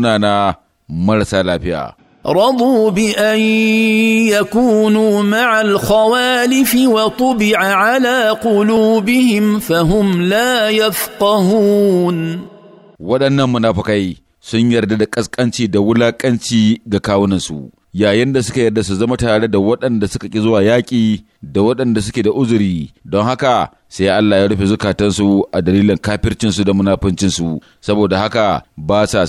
sunana marasa lafiya. رضوا بأن يكونوا مع الخوالف وطبع على قلوبهم فهم لا يفقهون waɗannan munafukai sun yarda da ƙasƙanci da wulaƙanci ga kawunansu yayin da suka yarda su zama tare da waɗanda suka ƙi zuwa yaƙi da waɗanda suke da uzuri don haka sai Allah ya rufe zukatansu a dalilin kafircinsu da munafuncinsu saboda haka ba sa